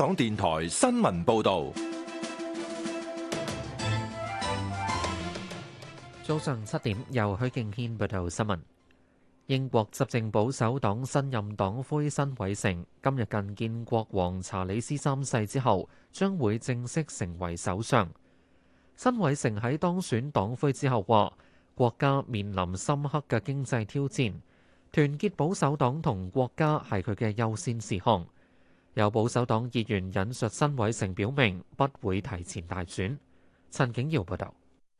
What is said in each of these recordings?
港電台新聞報道：早上七點，由許敬軒報道新聞。英國執政保守黨新任黨魁辛偉誠今日覲見國王查理斯三世之後，將會正式成為首相。辛偉誠喺當選黨魁之後話：國家面臨深刻嘅經濟挑戰，團結保守黨同國家係佢嘅優先事項。有保守黨議員引述辛偉誠表明不會提前大選。陳景耀報道，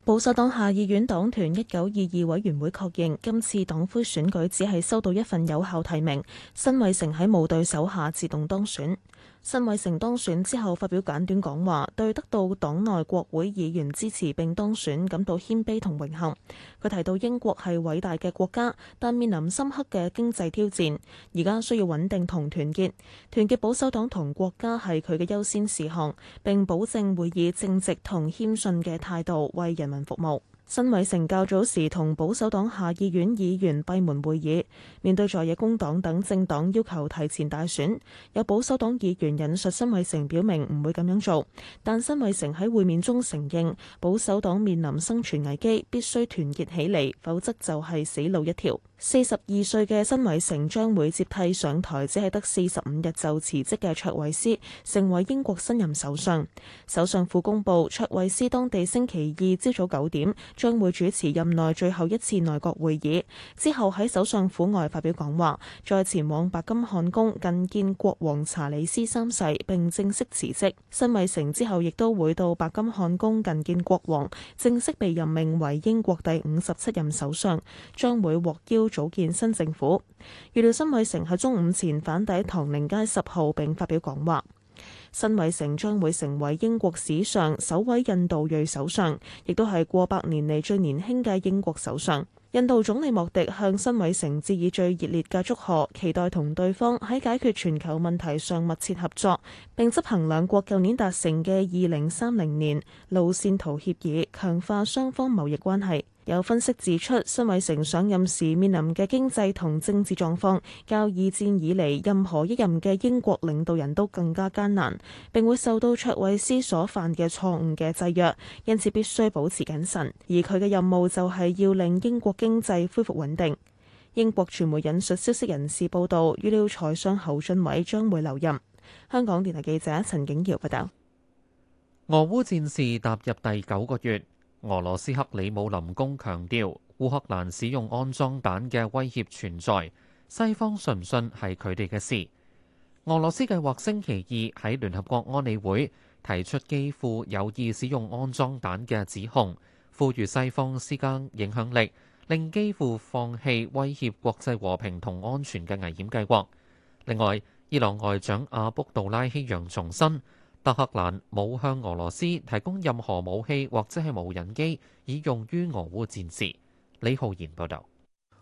保守黨下議院黨團一九二二委員會確認，今次黨魁選舉只係收到一份有效提名，辛偉誠喺冇對手下自動當選。新偉誠當選之後發表簡短講話，對得到黨內國會議員支持並當選感到謙卑同榮幸。佢提到英國係偉大嘅國家，但面臨深刻嘅經濟挑戰，而家需要穩定同團結。團結保守黨同國家係佢嘅優先事項，並保證會以正直同謙遜嘅態度為人民服務。辛偉誠較早時同保守黨下議院議員閉門會議，面對在野工黨等政黨要求提前大選，有保守黨議員引述辛偉誠表明唔會咁樣做，但辛偉誠喺會面中承認保守黨面臨生存危機，必須團結起嚟，否則就係死路一條。四十二歲嘅辛偉誠將會接替上台只係得四十五日就辭職嘅卓慧思，成為英國新任首相。首相府公佈，卓慧思當地星期二朝早九點，將會主持任內最後一次內閣會議，之後喺首相府外發表講話，再前往白金漢宮覲見國王查理斯三世並正式辭職。辛偉誠之後亦都會到白金漢宮覲見國王，正式被任命為英國第五十七任首相，將會獲邀組建新政府。預料辛偉誠喺中午前返抵唐寧街十號並發表講話。辛偉成將會成為英國史上首位印度裔首相，亦都係過百年嚟最年輕嘅英國首相。印度總理莫迪向辛偉成致以最熱烈嘅祝賀，期待同對方喺解決全球問題上密切合作，並執行兩國舊年達成嘅二零三零年路線圖協議，強化雙方貿易關係。有分析指出，辛偉誠上任時面臨嘅經濟同政治狀況較二戰以嚟任何一任嘅英國領導人都更加艱難，並會受到卓偉斯所犯嘅錯誤嘅制約，因此必須保持謹慎。而佢嘅任務就係要令英國經濟恢復穩定。英國傳媒引述消息人士報道，預料財相侯俊偉將會留任。香港電台記者陳景耀報道。俄烏戰事踏入第九個月。俄羅斯克里姆林宮強調，烏克蘭使用安裝彈嘅威脅存在，西方信唔信係佢哋嘅事。俄羅斯計劃星期二喺聯合國安理會提出基輔有意使用安裝彈嘅指控，呼籲西方施加影響力，令基輔放棄威脅國際和平同安全嘅危險計劃。另外，伊朗外長阿卜杜拉希揚重申，德克蘭冇向俄羅斯提供任何武器或者係無人機以用於俄烏戰事。李浩然報道。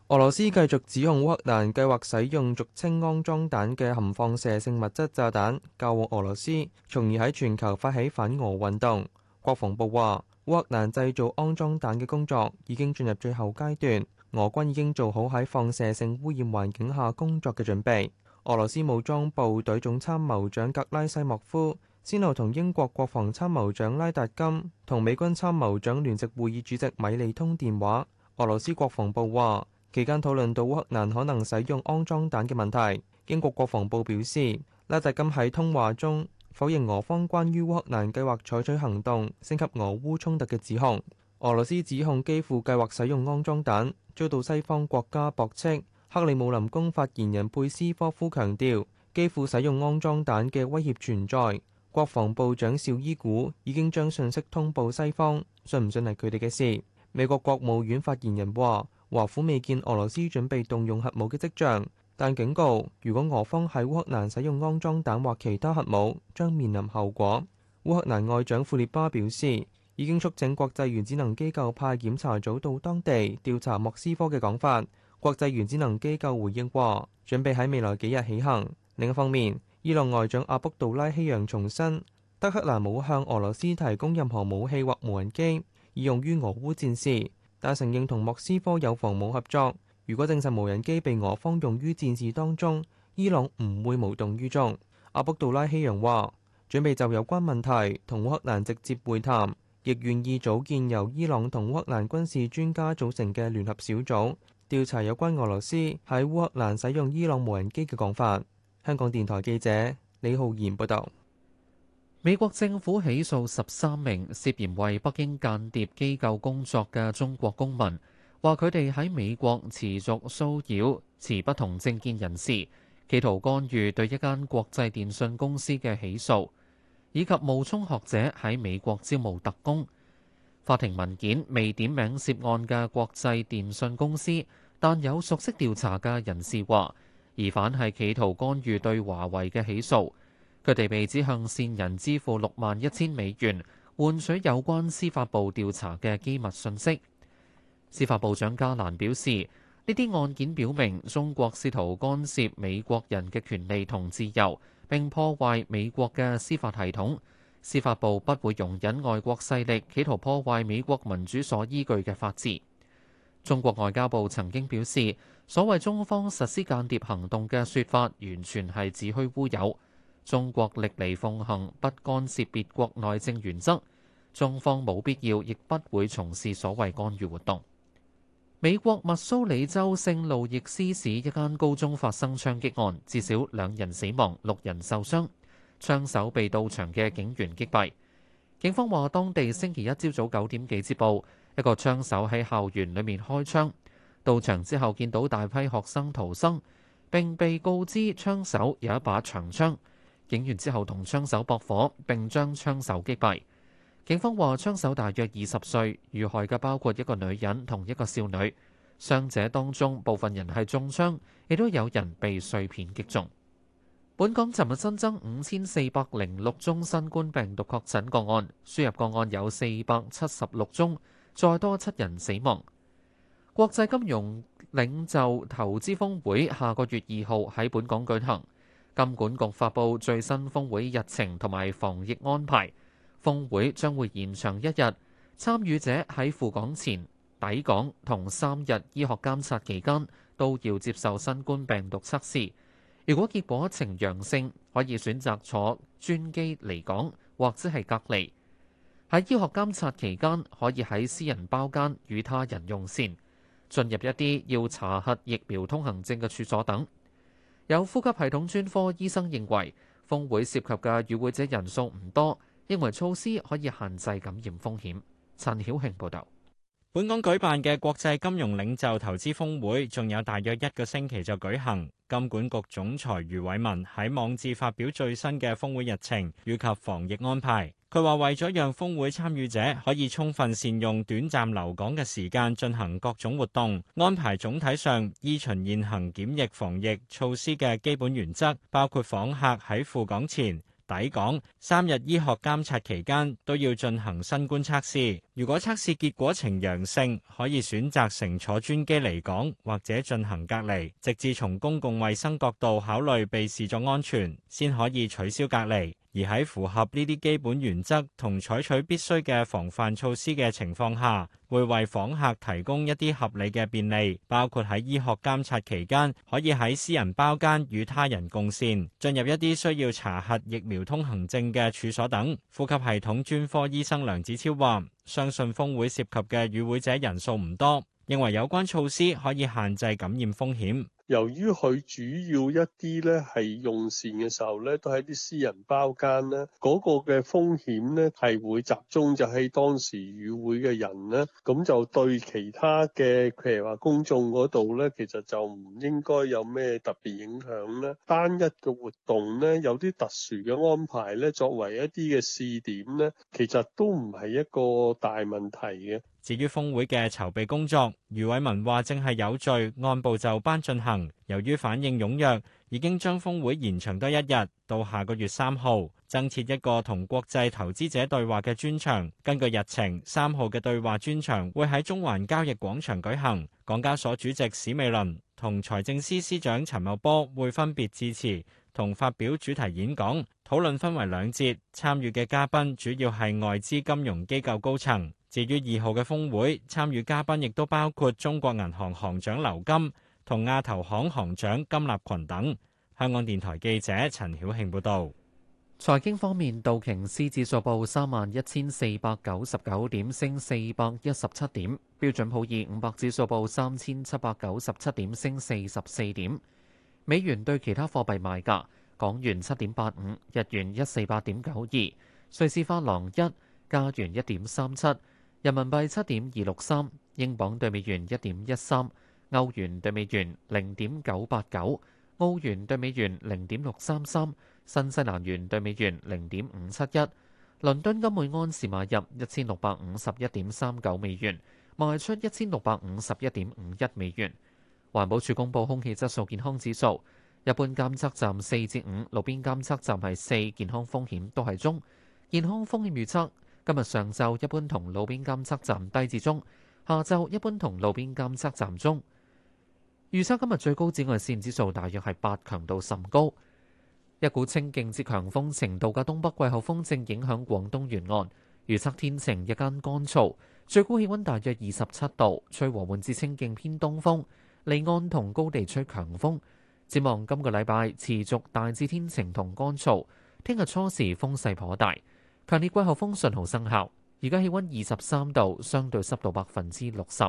俄羅斯繼續指控烏克蘭計劃使用俗稱安裝彈嘅含放射性物質炸彈嫁禍俄羅斯，從而喺全球發起反俄運動。國防部話烏克蘭製造安裝彈嘅工作已經進入最後階段，俄軍已經做好喺放射性污染環境下工作嘅準備，俄羅斯武裝部隊總參謀長格拉西莫夫。先後同英國國防參謀長拉達金同美軍參謀長聯席會議主席米利通電話。俄羅斯國防部話，期間討論到烏克蘭可能使用安裝彈嘅問題。英國國防部表示，拉達金喺通話中否認俄方關於烏克蘭計劃採取行動升級俄烏衝突嘅指控。俄羅斯指控基輔計劃使用安裝彈，遭到西方國家駁斥。克里姆林宮發言人佩斯科夫強調，基輔使用安裝彈嘅威脅存在。國防部長邵伊古已經將信息通報西方，信唔信係佢哋嘅事。美國國務院發言人話華府未見俄羅斯準備動用核武嘅跡象，但警告如果俄方喺烏克蘭使用安裝彈或其他核武，將面臨後果。烏克蘭外長庫列巴表示，已經促請國際原子能機構派檢查組到當地調查莫斯科嘅講法。國際原子能機構回應話準備喺未來幾日起行。另一方面。伊朗外長阿卜杜拉希揚重申，德克蘭冇向俄羅斯提供任何武器或無人機以用於俄烏戰事，但承認同莫斯科有防務合作。如果證實無人機被俄方用於戰事當中，伊朗唔會無動於衷。阿卜杜拉希揚話：準備就有關問題同烏克蘭直接會談，亦願意組建由伊朗同烏克蘭軍事專家組成嘅聯合小組，調查有關俄羅斯喺烏克蘭使用伊朗無人機嘅講法。香港電台記者李浩然報道：美國政府起訴十三名涉嫌為北京間諜機構工作嘅中國公民，話佢哋喺美國持續騷擾持不同政見人士，企圖干預對一間國際電信公司嘅起訴，以及冒充學者喺美國招募特工。法庭文件未點名涉案嘅國際電信公司，但有熟悉調查嘅人士話，疑犯係企圖干預對華為嘅起訴，佢哋被指向線人支付六萬一千美元，換取有關司法部調查嘅機密信息。司法部長加蘭表示，呢啲案件表明中國試圖干涉美國人嘅權利同自由，並破壞美國嘅司法系統。司法部不會容忍外國勢力企圖破壞美國民主所依據嘅法治。中國外交部曾經表示，所謂中方實施間諜行動嘅説法，完全係子虛烏有。中國歷嚟奉行不干涉別國內政原則，中方冇必要亦不會從事所謂干預活動。美國密蘇里州聖路易斯市一間高中發生槍擊案，至少兩人死亡，六人受傷，槍手被到場嘅警員擊斃。警方話，當地星期一朝早九點幾接報。一個槍手喺校園裏面開槍，到場之後見到大批學生逃生，並被告知槍手有一把長槍。警員之後同槍手搏火，並將槍手擊斃。警方話，槍手大約二十歲，遇害嘅包括一個女人同一個少女。傷者當中部分人係中槍，亦都有人被碎片擊中。本港尋日新增五千四百零六宗新冠病毒確診個案，輸入個案有四百七十六宗，再多七人死亡。國際金融領袖投資峰會下個月二號喺本港舉行，金管局發布最新峰會日程同埋防疫安排。峰會將會延長一日，參與者喺赴港前抵港同三日醫學監察期間都要接受新冠病毒測試。如果結果呈陽性，可以選擇坐專機離港，或者係隔離。喺醫學監察期間，可以喺私人包間與他人用膳，進入一啲要查核疫苗通行證嘅處所等。有呼吸系統專科醫生認為，峰會涉及嘅與會者人數唔多，認為措施可以限制感染風險。陳曉慶報道，本港舉辦嘅國際金融領袖投資峰會仲有大約一個星期就舉行。金管局總裁余偉文喺網誌發表最新嘅峰會日程以及防疫安排。佢話為咗讓峰會參與者可以充分善用短暫留港嘅時間進行各種活動，安排總體上依循現行檢疫防疫措施嘅基本原則，包括訪客喺赴港前，抵港三日醫學監察期間都要進行新冠測試，如果測試結果呈陽性，可以選擇乘坐專機離港或者進行隔離，直至從公共衛生角度考慮被視作安全，先可以取消隔離。而喺符合呢啲基本原則同採取必須嘅防範措施嘅情況下，會為訪客提供一啲合理嘅便利，包括喺醫學監察期間可以喺私人包間與他人共線，進入一啲需要查核疫苗通行證嘅處所等。呼吸系統專科醫生梁子超話相信峰會涉及嘅與會者人數唔多，認為有關措施可以限制感染風險。由於佢主要一啲咧係用膳嘅時候咧，都喺啲私人包間咧，嗰、那個嘅風險咧係會集中就喺當時與會嘅人咧，咁就對其他嘅譬如話公眾嗰度咧，其實就唔應該有咩特別影響咧。單一嘅活動咧，有啲特殊嘅安排咧，作為一啲嘅試點咧，其實都唔係一個大問題嘅。至於峰會嘅籌備工作，余偉文話：正係有序按部就班進行。由於反應踴躍，已經將峰會延長多一日，到下個月三號，增設一個同國際投資者對話嘅專場。根據日程，三號嘅對話專場會喺中環交易廣場舉行。港交所主席史美倫同財政司司長陳茂波會分別致辭同發表主題演講。討論分為兩節，參與嘅嘉賓主要係外資金融機構高層。至於二號嘅峰會，參與嘉賓亦都包括中國銀行行長劉金同亞投行行長金立群等。香港電台記者陳曉慶報導。財經方面，道瓊斯指數報三萬一千四百九十九點，升四百一十七點；標準普爾五百指數報三千七百九十七點，升四十四點。美元對其他貨幣賣價，港元七點八五，日元一四八點九二，瑞士法郎一，加元一點三七。人民幣七點二六三，英鎊對美元一點一三，歐元對美元零點九八九，澳元對美元零點六三三，新西蘭元對美元零點五七一。倫敦金每盎司買入一千六百五十一點三九美元，賣出一千六百五十一點五一美元。環保署公布空氣質素健康指數，一般監測站四至五，路邊監測站係四，健康風險都係中，健康風險預測。今日上晝一般同路邊監測站低至中，下晝一般同路邊監測站中。預測今日最高紫外線指數大約係八，強度甚高。一股清勁至強風程度嘅東北季候風正影響廣東沿岸，預測天晴，日間乾燥，最高氣溫大約二十七度，吹和緩至清勁偏東風，離岸同高地吹強風。展望今個禮拜持續大致天晴同乾燥，聽日初時風勢頗大。強烈季候風信號生效，而家氣温二十三度，相對濕度百分之六十。